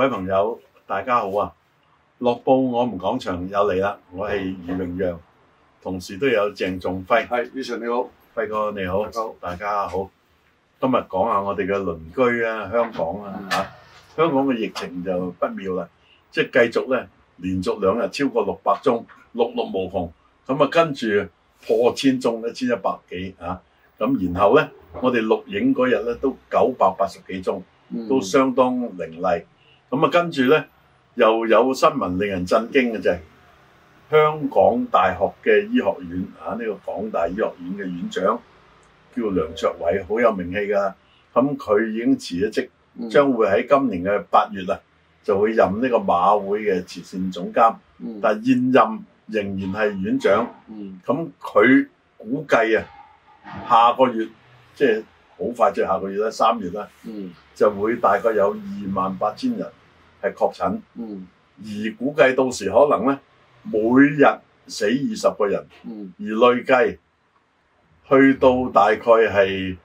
各位朋友，大家好啊！樂報我們講場又嚟啦，嗯，我係余明陽，同時都有鄭仲輝。係，余常你好，輝哥你好，嗯，大家好。今日講下我哋嘅鄰居啊，香港啊，吓，嗯啊、香港嘅疫情就不妙啦，即係繼續咧，連續兩日超過六百宗，六六無窮。咁啊，跟住破千宗一千一百幾啊，咁然後咧，我哋錄影嗰日咧都九百八十幾宗，嗯，都相當凌厲。咁啊，跟住咧又有新聞令人震驚嘅，就係香港大學嘅醫學院啊，呢、這個港大醫學院嘅院長叫梁卓偉好有名氣噶。咁、啊、佢、嗯嗯、已經辭咗職，將會喺今年嘅八月啊，就會任呢個馬會嘅慈善總監，但現任仍然係院長，咁佢、嗯嗯、估計啊，下個月即係好快即係下個月咧三月啦、啊嗯，就會大概有二萬八千人。係確診，而估計到時可能咧，每日死二十個人，嗯、而累計去到大概係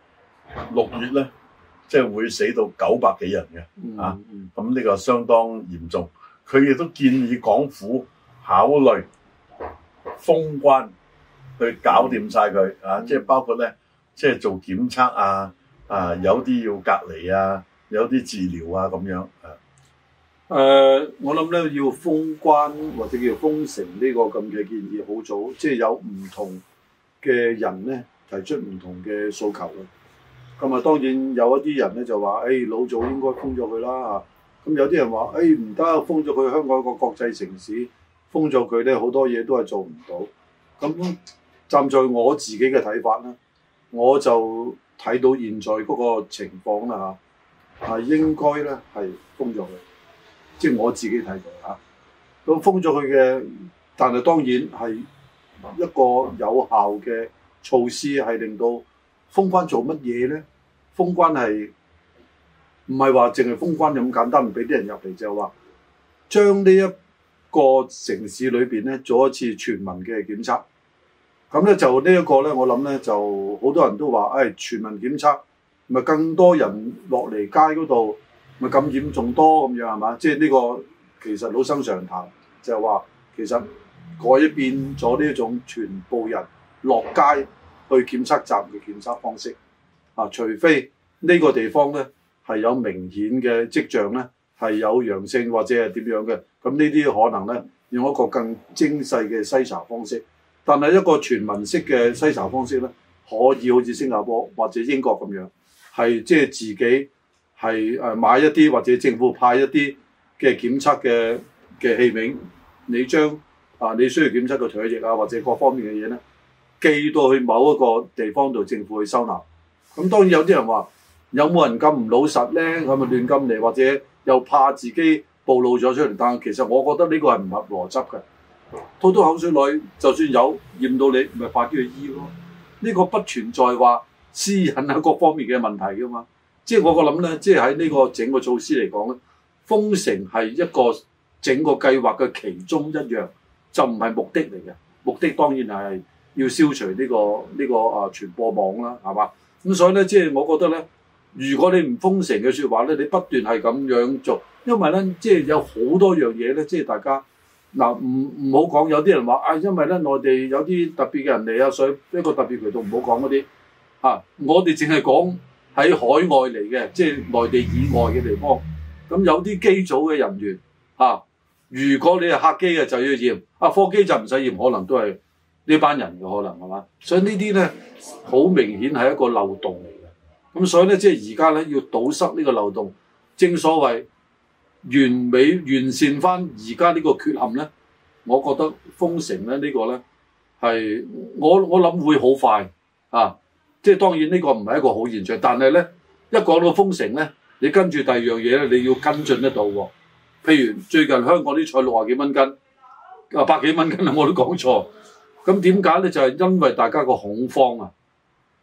六月咧，即係會死到九百幾人嘅嚇。咁呢個相當嚴重。佢亦都建議港府考慮封關去搞掂晒佢啊！即係包括咧，即係做檢測啊，啊有啲要隔離啊，有啲治療啊咁樣啊。誒，我諗咧要封關或者叫封城呢個咁嘅建議好早，即係有唔同嘅人咧提出唔同嘅訴求啦。咁啊，當然有一啲人咧就話，誒，老早應該封咗佢啦。咁有啲人話，誒，唔得封咗佢，香港一個國際城市封咗佢咧，好多嘢都係做唔到。咁站在我自己嘅睇法咧，我就睇到現在嗰個情況啦，吓係應該咧係封咗佢。即係我自己睇到吓，咁封咗佢嘅，但係當然係一個有效嘅措施，係令到封關做乜嘢咧？封關係唔係話淨係封關咁簡單，唔俾啲人入嚟就係話將呢一個城市裏邊咧做一次全民嘅檢測，咁咧就呢一個咧，我諗咧就好多人都話，誒、哎，全民檢測，咪更多人落嚟街嗰度。咪感染仲多咁樣係嘛？即係呢個其實老生常談，就係話其實改變咗呢一種全部人落街去檢測站嘅檢測方式啊，除非呢個地方咧係有明顯嘅跡象咧係有陽性或者係點樣嘅，咁呢啲可能咧用一個更精細嘅篩查方式，但係一個全民式嘅篩查方式咧可以好似新加坡或者英國咁樣，係即係自己。係誒買一啲或者政府派一啲嘅檢測嘅嘅器皿，你將啊你需要檢測嘅唾液啊或者各方面嘅嘢咧，寄到去某一個地方度政府去收納。咁當然有啲人話有冇人咁唔老實咧？係咪亂咁嚟，或者又怕自己暴露咗出嚟。但係其實我覺得呢個係唔合邏輯嘅。吐到口水裏，就算有驗到你，咪快啲去醫咯。呢個不存在話私隱啊各方面嘅問題噶嘛。即係我個諗咧，即係喺呢個整個措施嚟講咧，封城係一個整個計劃嘅其中一樣，就唔係目的嚟嘅。目的當然係要消除呢個呢個啊傳播網啦，係嘛？咁所以咧，即係我覺得咧，如果你唔封城嘅說話咧，你不斷係咁樣做，因為咧，即係有好多樣嘢咧，即係大家嗱唔唔好講，有啲人話啊，因為咧內地有啲特別嘅人嚟啊，所以一個特別渠道唔好講嗰啲啊，我哋淨係講。喺海外嚟嘅，即係內地以外嘅地方，咁有啲機組嘅人員嚇、啊，如果你係客機嘅就要驗，啊貨機就唔使驗，可能都係呢班人嘅可能係嘛？所以這些呢啲咧好明顯係一個漏洞嚟嘅。咁所以咧即係而家咧要堵塞呢個漏洞，正所謂完美完善翻而家呢個缺陷咧，我覺得封城咧呢、這個咧係我我諗會好快啊！即係當然呢個唔係一個好現象，但係咧一講到封城咧，你跟住第二樣嘢咧，你要跟進得到喎。譬如最近香港啲菜六十幾蚊斤啊，百幾蚊斤，我都講錯。咁點解咧？就係因為大家個恐慌啊！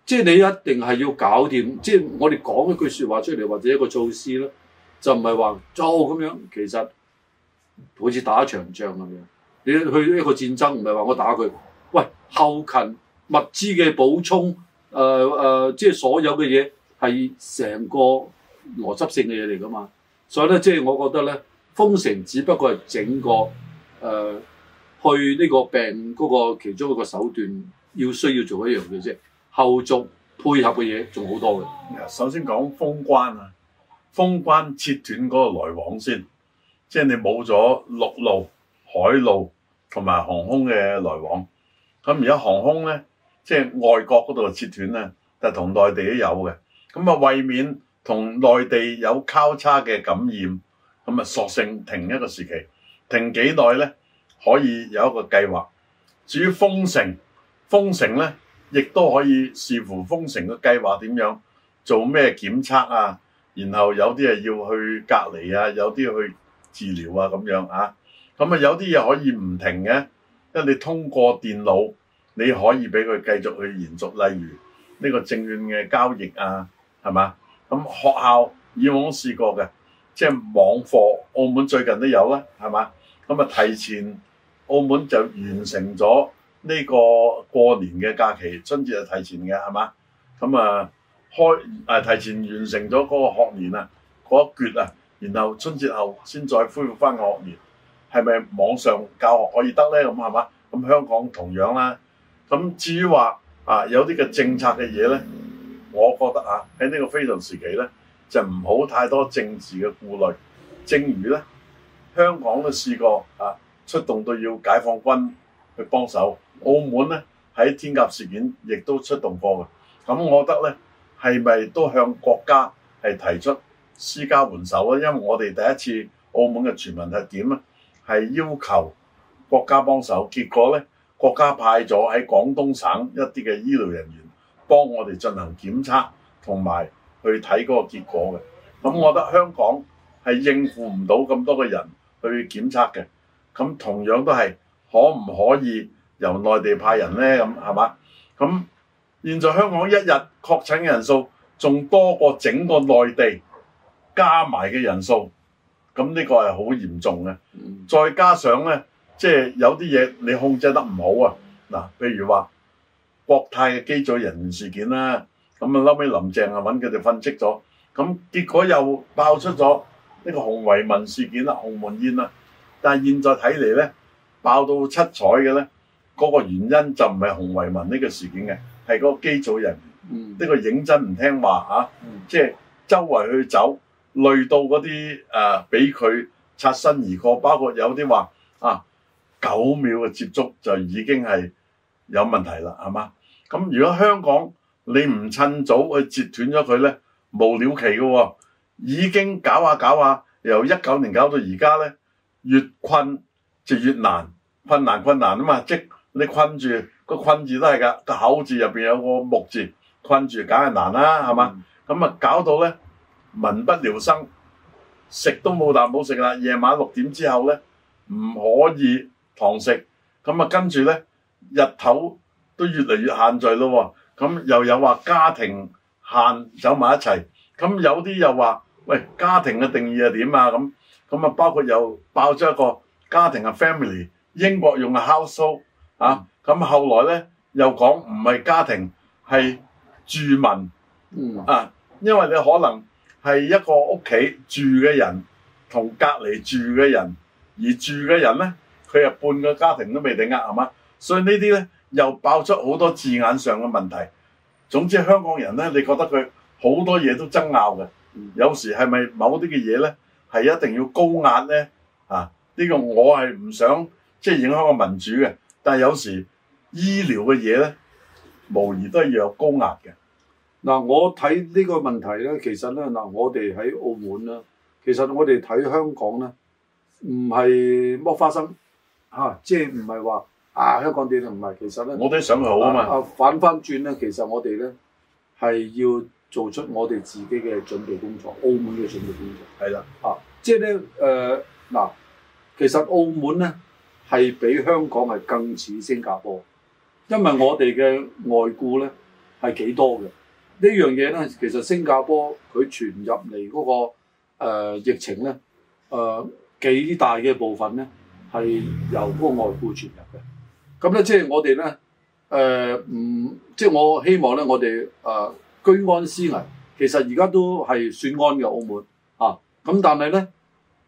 即係你一定係要搞掂，即係我哋講一句説話出嚟，或者一個措施咧，就唔係話就咁樣。其實好似打一場仗咁樣，你去一個戰爭唔係話我打佢，喂後勤物資嘅補充。誒、呃、誒、呃，即係所有嘅嘢係成個邏輯性嘅嘢嚟噶嘛？所以咧，即係我覺得咧，封城只不過係整個誒、呃、去呢個病嗰個其中一個手段，要需要做一樣嘢啫。後續配合嘅嘢仲好多嘅。首先講封關啊，封關切斷嗰個來往先，即係你冇咗陸路、海路同埋航空嘅來往。咁而家航空咧。即係外國嗰度切斷咧，就同內地都有嘅。咁啊，為免同內地有交叉嘅感染，咁啊索性停一個時期，停幾耐咧可以有一個計劃。至於封城，封城咧亦都可以視乎封城嘅計劃點樣做咩檢測啊，然後有啲啊要去隔離啊，有啲去治療啊咁樣啊。咁啊有啲嘢可以唔停嘅，因為你通過電腦。你可以俾佢繼續去延續，例如呢個證券嘅交易啊，係嘛？咁學校以往試過嘅，即係網課，澳門最近都有啦，係嘛？咁啊，提前澳門就完成咗呢個過年嘅假期，春節就提前嘅，係嘛？咁啊，開誒提前完成咗嗰個學年啊，嗰一橛啊，然後春節後先再恢復翻個學年，係咪網上教學可以得咧？咁係嘛？咁香港同樣啦。咁至於話啊，有啲嘅政策嘅嘢咧，我覺得啊，喺呢個非常時期咧，就唔好太多政治嘅顧慮。正如咧，香港都試過啊，出動到要解放軍去幫手，澳門咧喺天鴿事件亦都出動過嘅。咁我覺得咧，係咪都向國家提出私家援手咧？因為我哋第一次澳門嘅全民係點咧，係要求國家幫手，結果咧。國家派咗喺廣東省一啲嘅醫療人員幫我哋進行檢測，同埋去睇嗰個結果嘅。咁我覺得香港係應付唔到咁多嘅人去檢測嘅。咁同樣都係，可唔可以由內地派人呢？咁係嘛？咁現在香港一日確診嘅人數仲多過整個內地加埋嘅人數，咁呢個係好嚴重嘅。再加上呢。即係有啲嘢你控制得唔好啊！嗱，譬如話國泰嘅機組人員事件啦、啊，咁啊後尾林鄭啊揾佢哋分析咗，咁結果又爆出咗呢個洪為民事件啦、啊、洪門宴啦、啊。但係現在睇嚟咧，爆到七彩嘅咧，嗰、那個原因就唔係洪為民呢個事件嘅、啊，係嗰個機組人員呢、這個認真唔聽話啊，即係周圍去走累到嗰啲誒俾佢擦身而過，包括有啲話啊。九秒嘅接觸就已經係有問題啦，係嘛？咁如果香港你唔趁早去截斷咗佢咧，無了期嘅喎，已經搞下、啊、搞下、啊，由一九年搞到而家咧，越困就越難，困難困難啊嘛！即你困住個困字都係㗎，個口字入面有個木字，困住梗係難啦，係嘛？咁啊搞到咧，民不聊生，食都冇啖冇食啦，夜晚六點之後咧唔可以堂食咁啊，跟住咧日頭都越嚟越限聚咯喎、哦，咁又有話家庭限走埋一齊，咁有啲又話喂，家庭嘅定義係點啊？咁咁啊，包括又爆咗一個家庭嘅 family，英國用嘅 household 啊，咁後來咧又講唔係家庭係住民、嗯、啊，因為你可能係一個屋企住嘅人同隔離住嘅人而住嘅人咧。佢又半個家庭都未定，呃係嗎？所以這些呢啲咧又爆出好多字眼上嘅問題。總之香港人咧，你覺得佢好多嘢都爭拗嘅。有時係咪某啲嘅嘢咧，係一定要高壓咧？啊，呢、呢個我係唔想即係、就是、影響個民主嘅。但係有時醫療嘅嘢咧，無疑都係要有高壓嘅。嗱，我睇呢個問題咧，其實咧嗱，我哋喺澳門咧，其實我哋睇香港咧，唔係剝花生。嚇、啊！即係唔係話啊？香港點唔係，其實咧，我都想好啊嘛。啊，反翻轉咧，其實我哋咧係要做出我哋自己嘅準備工作，澳門嘅準備工作。係啦、啊，即係咧誒嗱，其實澳門咧係比香港係更似新加坡，因為我哋嘅外僱咧係幾多嘅呢樣嘢咧。其實新加坡佢傳入嚟嗰、個、呃、疫情咧誒、呃、幾大嘅部分咧。係由嗰個外僱傳入嘅，咁咧即係我哋咧，誒、呃、唔即係我希望咧，我哋誒、呃、居安思危，其實而家都係算安嘅澳門啊，咁但係咧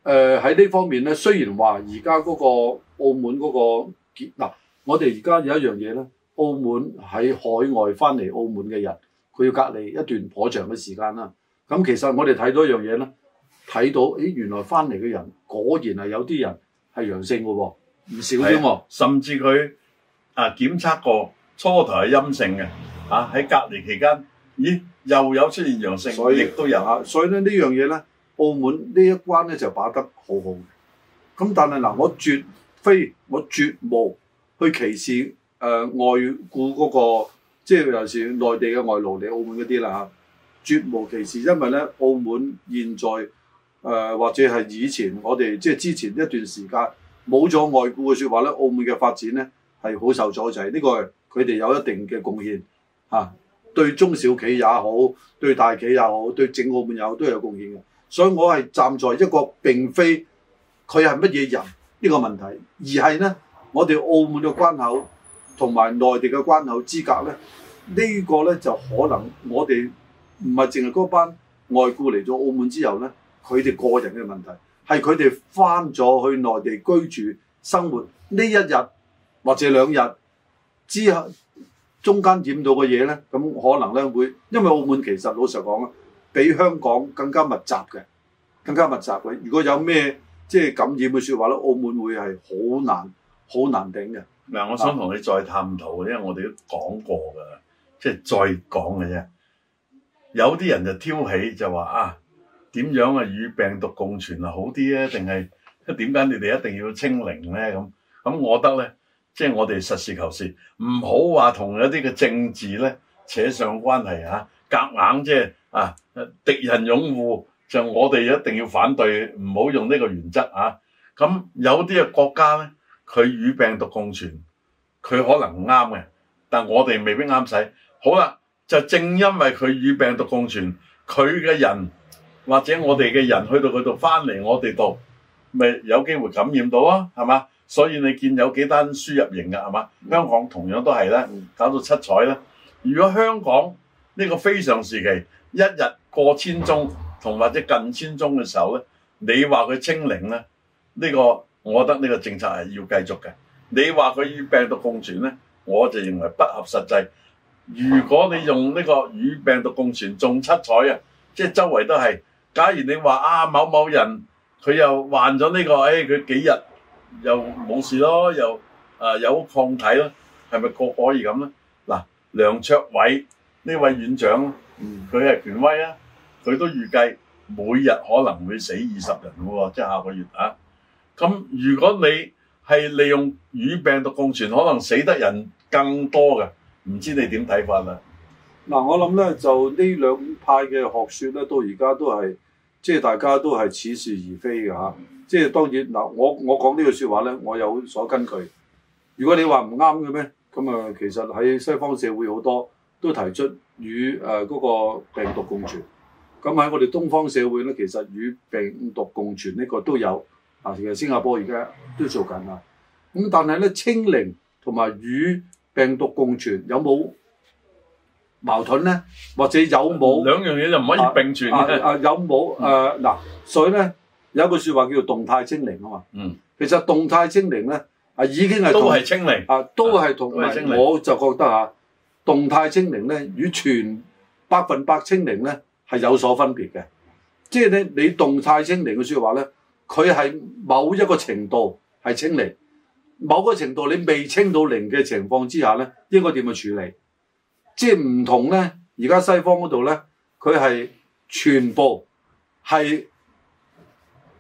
誒喺呢、呃、方面咧，雖然話而家嗰個澳門嗰、嗰個結嗱，我哋而家有一樣嘢咧，澳門喺海外翻嚟澳門嘅人，佢要隔離一段頗長嘅時間啦。咁其實我哋睇到一樣嘢咧，睇到誒原來翻嚟嘅人果然係有啲人。係陽性嘅喎，唔少，甚至佢啊檢測過初頭係陰性嘅，啊喺隔離期間，咦又有出現陽性，所以亦都有啊，所以咧呢樣嘢咧，澳門呢一關咧就把得好好嘅，咁但係嗱、啊，我絕非我絕無去歧視誒、呃、外僱嗰、嗰個，即係尤其是內地嘅外勞嚟澳門嗰啲啦吓，絕無歧視，因為咧澳門現在。誒、呃、或者係以前我哋即係之前一段時間冇咗外僱嘅說話咧，澳門嘅發展咧係好受阻滯，呢、這個係佢哋有一定嘅貢獻嚇，對中小企也好，對大企也好，對整澳門也好都有貢獻嘅。所以我係站在一個並非佢係乜嘢人呢、這個問題，而係咧我哋澳門嘅關口同埋內地嘅關口資格呢。咧、這個，呢個咧就可能我哋唔係淨係嗰班外僱嚟咗澳門之後咧。佢哋個人嘅問題係佢哋翻咗去內地居住生活呢一日或者兩日之後，中間染到嘅嘢咧，咁可能咧會，因為澳門其實老實講啦，比香港更加密集嘅，更加密集嘅。如果有咩即係感染嘅說話咧，澳門會係好難好難頂嘅。嗱，我想同你再探討，因為我哋都講過㗎，即係再講嘅啫。有啲人就挑起就話啊～點樣啊？與病毒共存啊，好啲呢，定係點解你哋一定要清零呢？咁咁我覺得呢，即係我哋實事求是，唔好話同一啲嘅政治呢扯上關係啊，夾硬即係啊敵人擁護，就我哋一定要反對，唔好用呢個原則啊，咁有啲嘅國家呢，佢與病毒共存，佢可能啱嘅，但我哋未必啱使。好啦，就正因為佢與病毒共存，佢嘅人。或者我哋嘅人去到佢度，翻嚟我哋度，咪有機會感染到啊？係嘛？所以你見有幾單輸入型嘅，係嘛？香港同樣都係啦，搞到七彩啦。如果香港呢個非常時期，一日過千宗同或者近千宗嘅時候咧，你話佢清零咧？呢個我覺得呢個政策係要繼續嘅。你話佢與病毒共存咧，我就認為不合實際。如果你用呢個與病毒共存，仲七彩啊，即係周圍都係。假如你話啊某某人佢又患咗呢個，誒，佢幾日又冇事咯，又啊有抗體咯，係咪個個可以咁咧？嗱，梁卓偉呢位院長，佢係權威啦，佢都預計每日可能會死二十人喎，即係下個月啊。咁如果你係利用與病毒共存，可能死得人更多嘅，唔知你點睇法啦？嗱、啊，我諗咧就呢兩派嘅學説咧，到而家都係即係大家都係似是而非嘅、啊、即係當然嗱、啊，我我講呢句說話咧，我有所根據。如果你話唔啱嘅咩？咁啊，其實喺西方社會好多都提出與誒嗰、呃那個病毒共存。咁喺我哋東方社會咧，其實與病毒共存呢個都有。啊，其實新加坡而家都在做緊啦。咁但係咧，清零同埋與病毒共存有冇？矛盾咧，或者有冇兩樣嘢就唔可以併存嘅。啊，啊，啊，有冇誒？嗱、嗯啊，所以咧有一句說話叫做動態清零啊嘛。嗯。其實動態清零咧啊，已經係都係清零啊，都係同埋我就覺得吓、啊、動態清零咧，與全百分百清零咧係有所分別嘅。即係咧，你動態清零嘅說話咧，佢係某一個程度係清零，某個程度你未清到零嘅情況之下咧，應該點去處理？即係唔同咧，而家西方嗰度咧，佢係全部係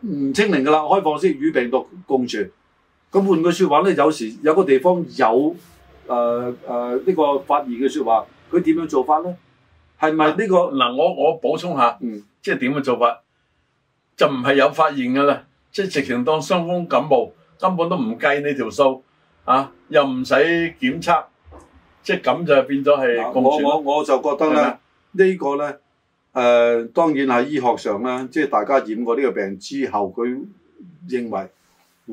唔清零噶啦，開放先與病毒共存。咁換句說話咧，有時有個地方有誒誒呢個發現嘅說話，佢點樣做法咧？係咪呢個嗱、嗯？我我補充下，嗯，即係點樣做法就唔係有發現噶啦，即係直情當傷風感冒，根本都唔計呢條數啊，又唔使檢測。即咁就變咗係，我我我就覺得咧呢、呢個咧誒、呃，當然喺醫學上啦。即係大家染過呢個病之後，佢認為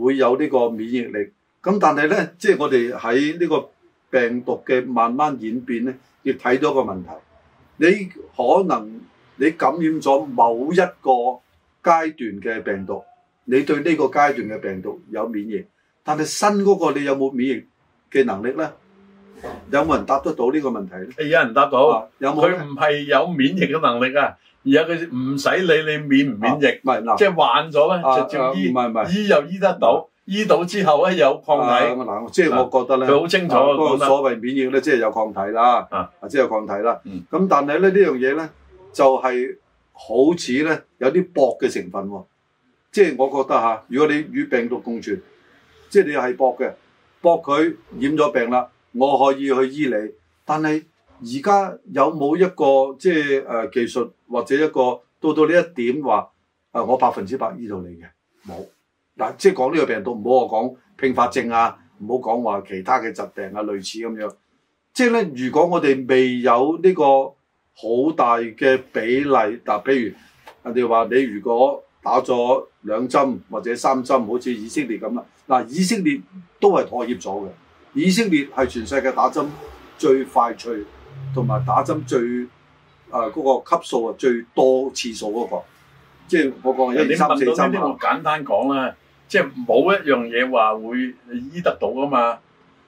會有呢個免疫力。咁但係咧，即係我哋喺呢個病毒嘅慢慢演變咧，要睇到一個問題。你可能你感染咗某一個階段嘅病毒，你對呢個階段嘅病毒有免疫，但係新嗰個你有冇免疫嘅能力咧？有冇人答得到呢個問題？有人答得到，佢唔係有免疫嘅能力啊，而家佢唔使理你免唔免疫。係、啊啊、即係患咗咧，唔係唔係，醫又醫得到，啊、醫到之後咧有抗體。即係我覺得咧，佢好清楚個所謂免疫咧，即係有抗體啦，啊，即係有抗體啦。咁但係咧，呢樣嘢咧，就係好似咧有啲薄嘅成分，即係我覺得吓，如果你與病毒共存，即係你係薄嘅，薄佢染咗病啦。嗯我可以去醫你，但係而家有冇一個即係誒、呃、技術或者一個到到呢一點話誒、呃、我百分之百醫到你嘅？冇嗱、啊，即係講呢個病毒，唔好我講併發症啊，唔好講話其他嘅疾病啊，類似咁樣。即係咧，如果我哋未有呢個好大嘅比例，嗱、啊，譬如人哋話你如果打咗兩針或者三針，好似以色列咁啦，嗱、啊，以色列都係妥協咗嘅。以色列係全世界打針最快脆，同埋打針最誒嗰個級數啊，最多次數嗰個，即係嗰個一三四針。你問到呢啲，我簡單講啦，即係冇一樣嘢話會醫得到啊嘛，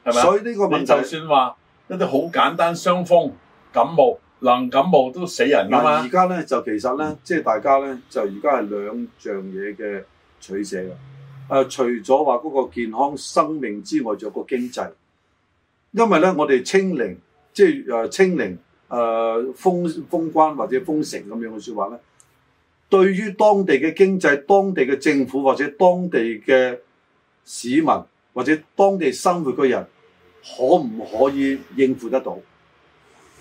係咪啊？所以呢個問題就算話一啲好簡單傷風感冒、能感冒都死人㗎嘛。而家咧就其實咧，即係大家咧就而家係兩樣嘢嘅取捨。誒、啊、除咗話嗰個健康生命之外，仲有個經濟，因為咧，我哋清零，即係清零，誒、呃、封封關或者封城咁樣嘅說話咧，對於當地嘅經濟、當地嘅政府或者當地嘅市民或者當地生活嘅人，可唔可以應付得到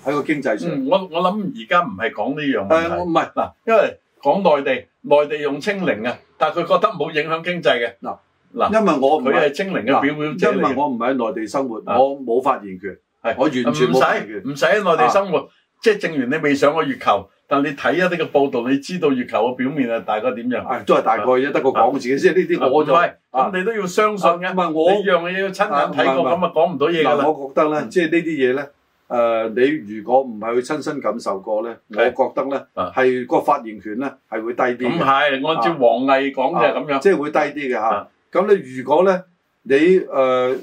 喺個經濟上、嗯？我我諗而家唔係講呢樣問題。唔係、呃、嗱，因為講內地，內地用清零啊，但係佢覺得冇影響經濟嘅。嗱嗱，因為我佢係清零嘅表面。因為我唔喺內地生活，啊、我冇發言權。我完全唔使，唔使喺內地生活，啊、即係正如你未上過月球，但係你睇一啲嘅報道，你知道月球嘅表面係大概點樣？啊、都係大概啫，得個講字嘅即係呢啲我就。咁、啊、你都要相信嘅。唔係我，呢樣嘢要親眼睇過咁啊，講唔到嘢㗎啦。我覺得咧，即係呢啲嘢咧。誒、呃，你如果唔係去親身感受過咧，我覺得咧係個發言權咧係會低啲。唔係，咁係按照黃毅講嘅咁樣，即係會低啲嘅嚇。咁、啊、你如果咧，你誒、呃，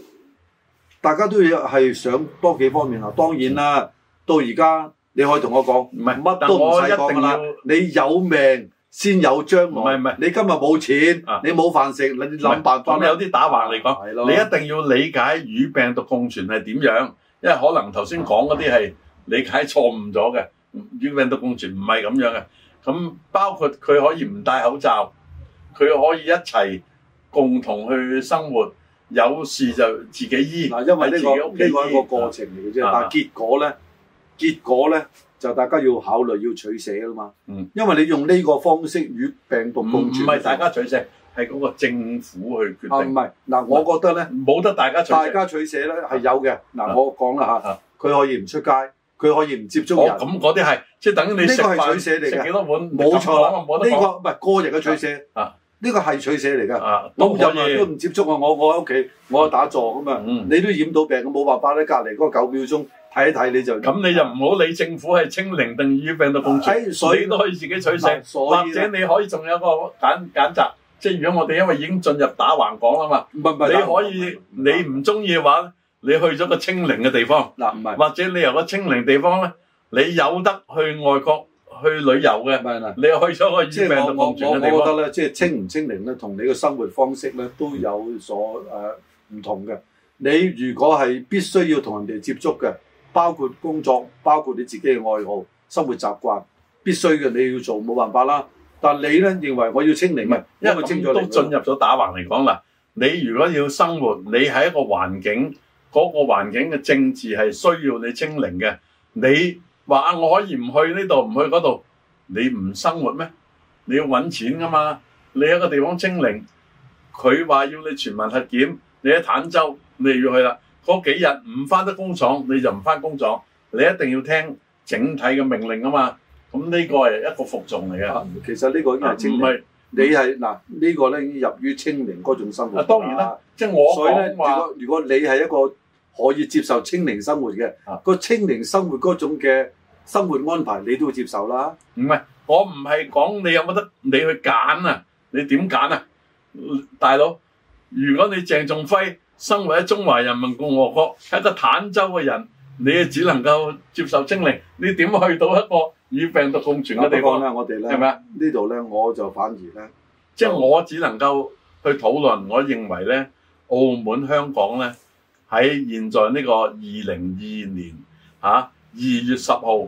大家都要係想多幾方面嚇。當然啦，到而家你可以同我講，唔係乜都唔使一定啦。你有命先有將來。唔係你今日冇錢，你冇飯食，你諗辦法。咁有啲打橫嚟講，你一定要理解與病毒共存係點樣。因為可能頭先講嗰啲係理解錯誤咗嘅，與、嗯、病毒共存唔係咁樣嘅。咁包括佢可以唔戴口罩，佢可以一齊共同去生活，有事就自己醫。因為呢、呢個呢、呢個一個過程嚟嘅啫，但結果咧，結果咧就大家要考慮要取捨噶嘛。嗯，因為你用呢個方式與病毒共存，唔、嗯、係大家取捨。係嗰個政府去決定係唔係？唔係，嗱我覺得咧，冇得大家取大家取捨咧係有嘅。嗱、啊啊、我講啦嚇，佢、啊、可以唔出街，佢可以唔接觸人，咁嗰啲係即係等於你呢食飯，食幾多碗？冇錯啦，呢、呢個唔係個人嘅取捨，啊，呢個係取捨嚟㗎。啊，都唔都唔接觸我，我我喺屋企，我喺、嗯、打坐㗎嘛。你都染到病，冇辦法咧。隔離嗰九秒鐘睇一睇你，就咁你就唔好理政府係清零定與病毒共存，你都可以自己取捨，或者你可以仲有個揀揀擇。即係如果我哋因為已經進入打橫港啦嘛，你可以，你唔中意嘅話，你去咗個清零嘅地方嗱，唔係或者你由個清零地方咧，你有得去外國去旅遊嘅，你去咗個致命嘅地方，你覺得咧，即係清唔清零咧，同你嘅生活方式咧都有所誒唔同嘅。你如果係必須要同人哋接觸嘅，包括工作，包括你自己嘅愛好、生活習慣，必須嘅你要做，冇辦法啦。但你咧認為我要清零？唔係，因為咁都進入咗打橫嚟講啦。你如果你要生活，你喺一個環境，嗰個環境嘅政治係需要你清零嘅。你話啊，我可以唔去呢度，唔去嗰度，你唔生活咩？你要揾錢噶嘛。你有一個地方清零，佢話要你全民核檢，你喺坦洲，你就要去啦。嗰幾日唔返得工廠，你就唔返工廠。你一定要聽整體嘅命令啊嘛。咁、這、呢個係一個服從嚟嘅，其實呢個已經係清零。你係嗱，呢、這個咧入於清零嗰種生活。當當然啦，即我。所以呢，如果你係一個可以接受清零生活嘅，個、啊、清零生活嗰種嘅生活安排，你都會接受啦。唔係我唔係講你有冇得你去揀啊？你點揀啊？大佬，如果你鄭仲輝生活喺中華人民共和國，一個坦洲嘅人，你只能夠接受清零，你點去到一個？與病毒共存嘅地方咧，我哋咧係咪啊？呢度咧，我就反而咧，即係我只能夠去討論。我認為咧，澳門、香港咧喺現在呢個二零二二年嚇二月十號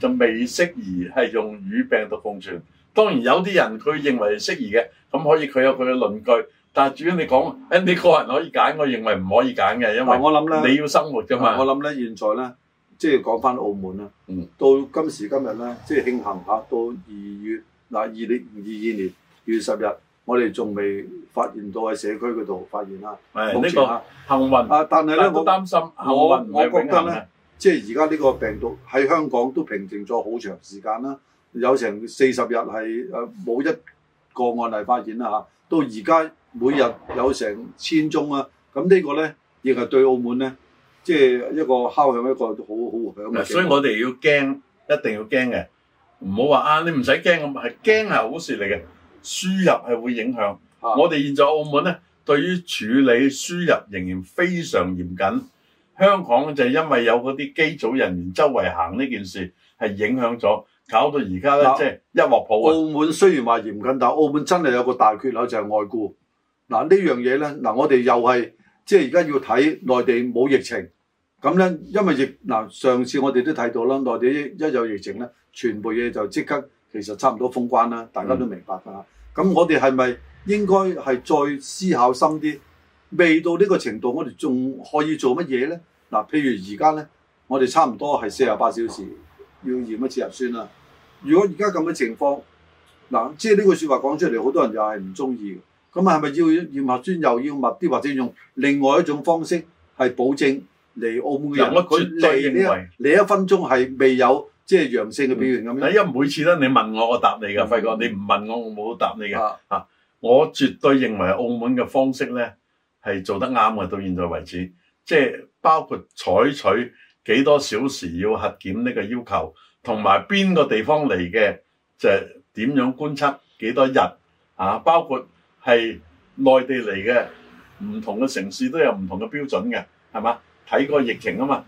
就未適宜係用與病毒共存。當然有啲人佢認為適宜嘅，咁可以佢有佢嘅論據。但係主要你講，誒，你個人可以揀，我認為唔可以揀嘅，因為我諗咧，你要生活㗎嘛。我諗咧，現在咧。即係講翻澳門啦，嗯，到今時今日咧，即、就、係、是、慶幸嚇，到二月嗱，二零二二年二月十日，我哋仲未發現到喺社區嗰度發現啦。係呢個幸運啊！但係咧，我擔心，我我覺得咧、啊，即係而家呢個病毒喺香港都平靜咗好長時間啦，有成四十日係誒冇一個案例發現啦，啊、到而家每日有成千宗啊，咁呢個咧亦係對澳門咧。即係一個敲響一個好好響嘅，所以我哋要驚，一定要驚嘅，唔好話啊，你唔使驚咁，係驚係好事嚟嘅，輸入係會影響。啊、我哋現在澳門咧，對於處理輸入仍然非常嚴謹。香港就係因為有嗰啲機組人員周圍行呢件事，係影響咗，搞到而家咧即係一鑊泡。澳門雖然話嚴謹，但係澳門真係有個大缺口就係外僱。嗱、啊、呢樣嘢咧，嗱、啊、我哋又係即係而家要睇內地冇疫情。咁咧，因為疫嗱上次我哋都睇到啦，內地一有疫情咧，全部嘢就即刻其實差唔多封關啦，大家都明白噶啦。咁、嗯、我哋係咪應該係再思考深啲？未到呢個程度，我哋仲可以做乜嘢咧？嗱，譬如而家咧，我哋差唔多係四十八小時要驗一次核酸啦。如果而家咁嘅情況，嗱、就是，即係呢句說話講出嚟，好多人又係唔中意嘅。咁係咪要驗核酸又要密啲，或者用另外一種方式係保證？嚟澳門嘅人，我絕對認為你一,一分鐘係未有即係陽性嘅表現咁、嗯、樣。因為每次咧，你問我，我答你噶，輝、嗯、哥，你唔問我，我冇答你嘅、嗯。啊，我絕對認為澳門嘅方式咧係做得啱嘅，到現在為止，即、就、係、是、包括採取幾多小時要核檢呢個要求，同埋邊個地方嚟嘅就點樣觀察幾多日啊？包括係內地嚟嘅唔同嘅城市都有唔同嘅標準嘅，係嘛？睇個疫情啊嘛，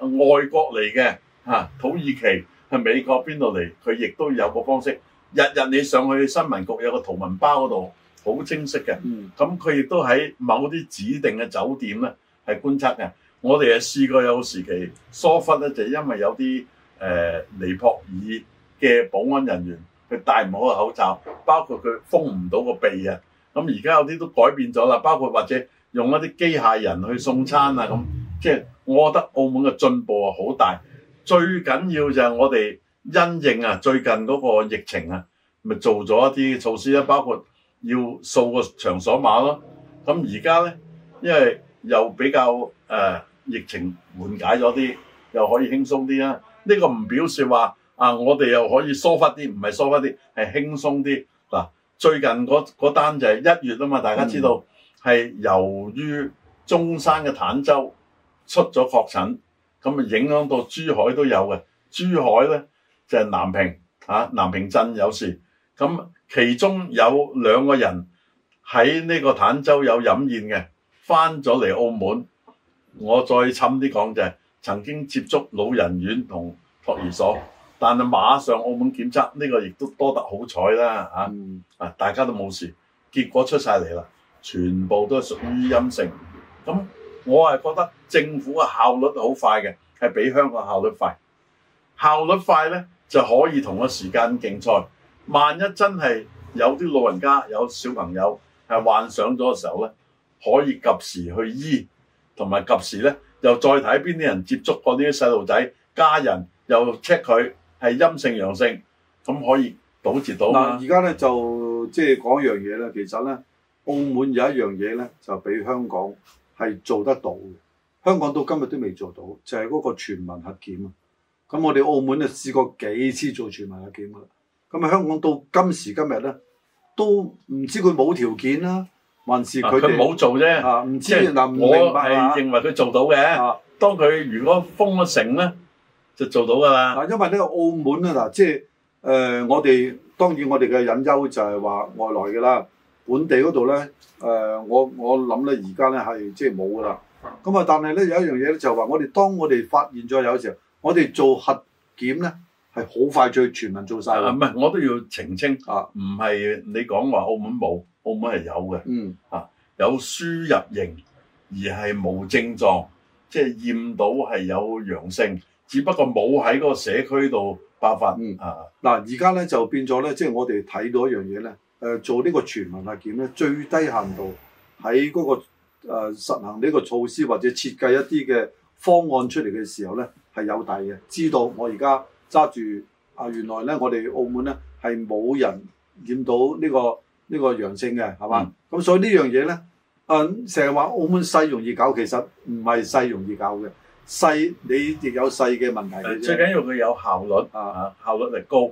外國嚟嘅、啊、土耳其係美國邊度嚟？佢亦都有個方式，日日你上去新聞局有個圖文包嗰度，好清晰嘅。咁佢亦都喺某啲指定嘅酒店咧係觀察嘅。我哋又試過有時期，疏忽咧就因為有啲誒、呃、尼泊爾嘅保安人員佢戴唔好個口罩，包括佢封唔到個鼻啊。咁而家有啲都改變咗啦，包括或者用一啲機械人去送餐啊咁。即係我覺得澳門嘅進步啊好大，最緊要就係我哋因應啊最近嗰個疫情啊，咪做咗一啲措施啦，包括要掃個場所碼咯。咁而家咧，因為又比較誒、呃、疫情緩解咗啲，又可以輕鬆啲啦。呢、呢個唔表示話啊，我哋又可以疏忽啲，唔係疏忽啲，係輕鬆啲嗱。最近嗰嗰單就係一月啊嘛，大家知道係、嗯、由於中山嘅坦洲。出咗確診，咁啊影響到珠海都有嘅。珠海呢就係南平嚇，南平鎮有事。咁其中有兩個人喺呢個坦洲有飲宴嘅，翻咗嚟澳門。我再氹啲講就係曾經接觸老人院同托兒所，但係馬上澳門檢測呢個亦都多得好彩啦嚇，啊大家都冇事，結果出晒嚟啦，全部都係屬於陰性咁。我係覺得政府嘅效率好快嘅，係比香港效率快。效率快咧，就可以同個時間競賽。萬一真係有啲老人家、有小朋友係患上咗嘅時候咧，可以及時去醫，同埋及，及時咧又再睇邊啲人接觸過呢啲細路仔，家人又 check 佢係陰性、陽性，咁可以堵截到。而家咧就即係講一樣嘢咧，其實咧澳門有一樣嘢咧就比香港。係做得到嘅，香港到今日都未做到，就係、是、嗰個全民核檢啊！咁我哋澳門就試過幾次做全民核檢啦，咁啊香港到今時今日咧都唔知佢冇條件啦，還是佢哋冇做啫啊？唔知嗱、就是，我係認為佢做到嘅，當佢如果封咗城咧，就做到噶啦。嗱、啊，因為咧澳門咧嗱、啊，即係誒、呃、我哋當然我哋嘅隱憂就係話外來嘅啦。本地嗰度咧，誒、呃，我我諗咧，而家咧係即係冇噶啦。咁啊，但係咧有一樣嘢咧，就係話我哋當我哋發現咗有時候，我哋做核檢咧係好快就全民做晒啦。唔係，我都要澄清啊，唔係你講話澳門冇，澳門係有嘅。嗯，啊，有輸入型而係冇症狀，即係驗到係有陽性，只不過冇喺嗰個社區度爆發。嗯啊，嗱、啊，而家咧就變咗咧，即係我哋睇到一樣嘢咧。誒做這個呢個全民核檢咧，最低限度喺嗰、那個誒、呃、實行呢個措施或者設計一啲嘅方案出嚟嘅時候咧，係有底嘅。知道我而家揸住啊，原來咧我哋澳門咧係冇人染到呢、這個呢、這個陽性嘅，係嘛？咁、嗯、所以這件事呢樣嘢咧，誒成日話澳門細容易搞，其實唔係細容易搞嘅。細你亦有細嘅問題嘅、嗯。最緊要佢有效率啊，啊，效率係高，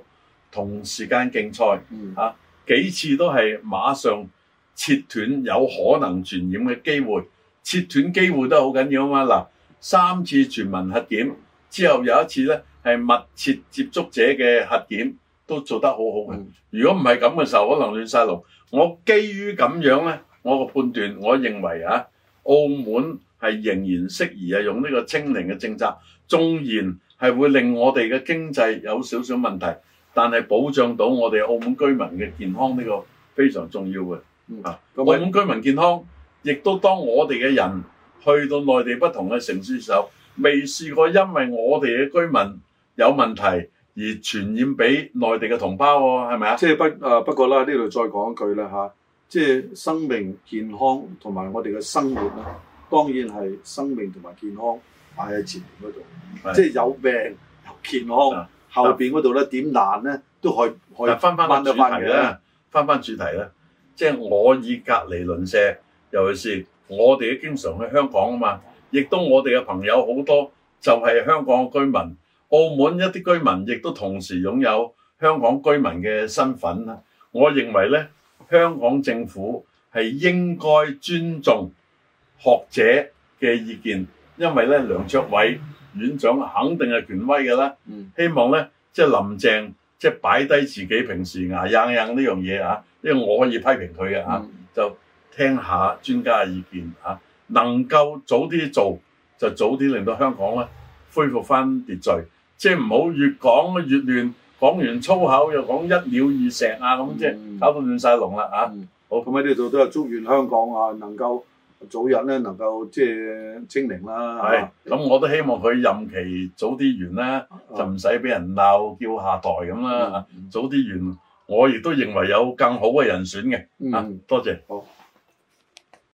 同時間競賽、嗯、啊。幾次都係馬上切斷有可能傳染嘅機會，切斷機會都好緊要啊嘛！嗱，三次全民核檢之後，有一次呢係密切接觸者嘅核檢，都做得好好嘅。如果唔係咁嘅時候，可能亂晒龍。我基於咁樣呢，我嘅判斷，我認為啊，澳門係仍然適宜係用呢個清零嘅政策，縱然係會令我哋嘅經濟有少少問題。但係保障到我哋澳門居民嘅健康呢，呢個非常重要嘅。啊、嗯，澳門居民健康，亦、嗯、都當我哋嘅人、嗯、去到內地不同嘅城市嘅時候，未試過因為我哋嘅居民有問題而傳染俾內地嘅同胞，係咪啊？即、就、係、是、不啊，不過啦，呢度再講一句啦吓，即、就、係、是、生命健康同埋我哋嘅生活咧，當然係生命同埋健康擺喺前面嗰度，即、嗯、係、就是、有病有健康。啊後面嗰度咧點難咧都可以。翻翻主題啦，翻翻主題啦，即係、就是、我以隔籬鄰舍，尤其是我哋經經常去香港啊嘛，亦都我哋嘅朋友好多就係香港嘅居民，澳門一啲居民亦都同時擁有香港居民嘅身份啦。我認為咧，香港政府係應該尊重學者嘅意見，因為咧梁卓偉院長肯定係權威嘅啦，嗯，希望咧即係林鄭即係擺低自己平時牙硬硬呢，樣嘢啊，因為我可以批評佢嘅就聽下專家嘅意見，能夠早啲做就早啲令到香港咧恢復翻秩序，即係唔好越講越亂，講完粗口又講一鳥二石啊咁，即、嗯、係搞到亂晒龍啦啊！好，咁喺呢度都係祝願香港啊，能、嗯、夠。嗯早日咧能夠即係清零啦，咁我都希望佢任期早啲完啦，啊、就唔使俾人鬧叫下台咁啦，嗯、早啲完，我亦都認為有更好嘅人選嘅，嚇、嗯，多謝。好。